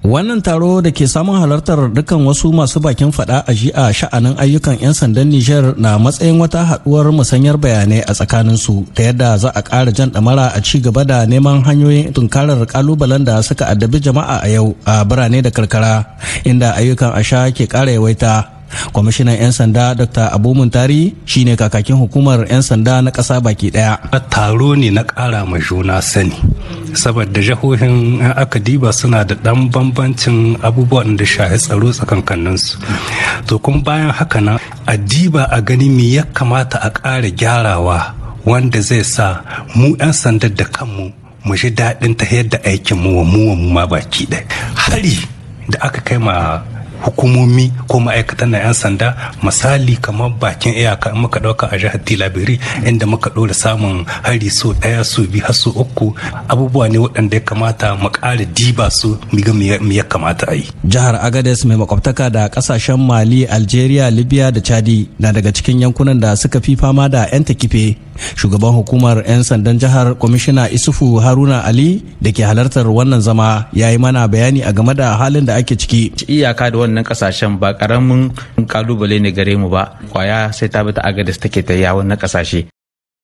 Wannan taro da ke samun halartar dukkan wasu masu bakin fada a a sha'anin ayyukan 'yan sandan Nijar na matsayin wata haɗuwar musanyar bayanai a tsakaninsu ta yadda za a ƙara jan ɗamara a ci gaba da neman hanyoyin tunkarar kalubalen da suka addabi jama'a a yau a birane da karkara inda ayyukan asha ke ƙara yawaita. kwamishinan 'yan sanda dr abu muntari shine kakakin hukumar 'yan sanda na ƙasa baki daya taro ne na ƙara ma juna sani saboda jahohin aka diba suna da ɗan bambancin abubuwan da shahi tsaro tsakankaninsu to kuma bayan haka nan diba a gani me ya kamata a ƙara gyarawa wanda zai sa mu 'yan sanda da kanmu mu ji daɗin ta yadda aikin mu wa mu ma baki ɗaya hari da aka kai ma hukumomi ko ma'aikatan na 'yan sanda misali kamar bakin iyaka in muka dauka a jihar tilabiri inda muka dora samun hari so daya so biyu har so uku abubuwa ne waɗanda ya kamata mu ƙara diba su miga kamata a yi jihar agades mai makwabtaka da kasashen mali algeria libya da chadi na daga cikin yankunan da suka fi fama da 'yan takife shugaban hukumar 'yan sandan jihar kwamishina isufu haruna ali da ke halartar wannan zama ya yi mana bayani a game da halin da ake ciki iyaka da wannan kasashen ba karamin kalubale ne gare mu ba kwaya sai ta bi ta agadis take ta yawon na kasashe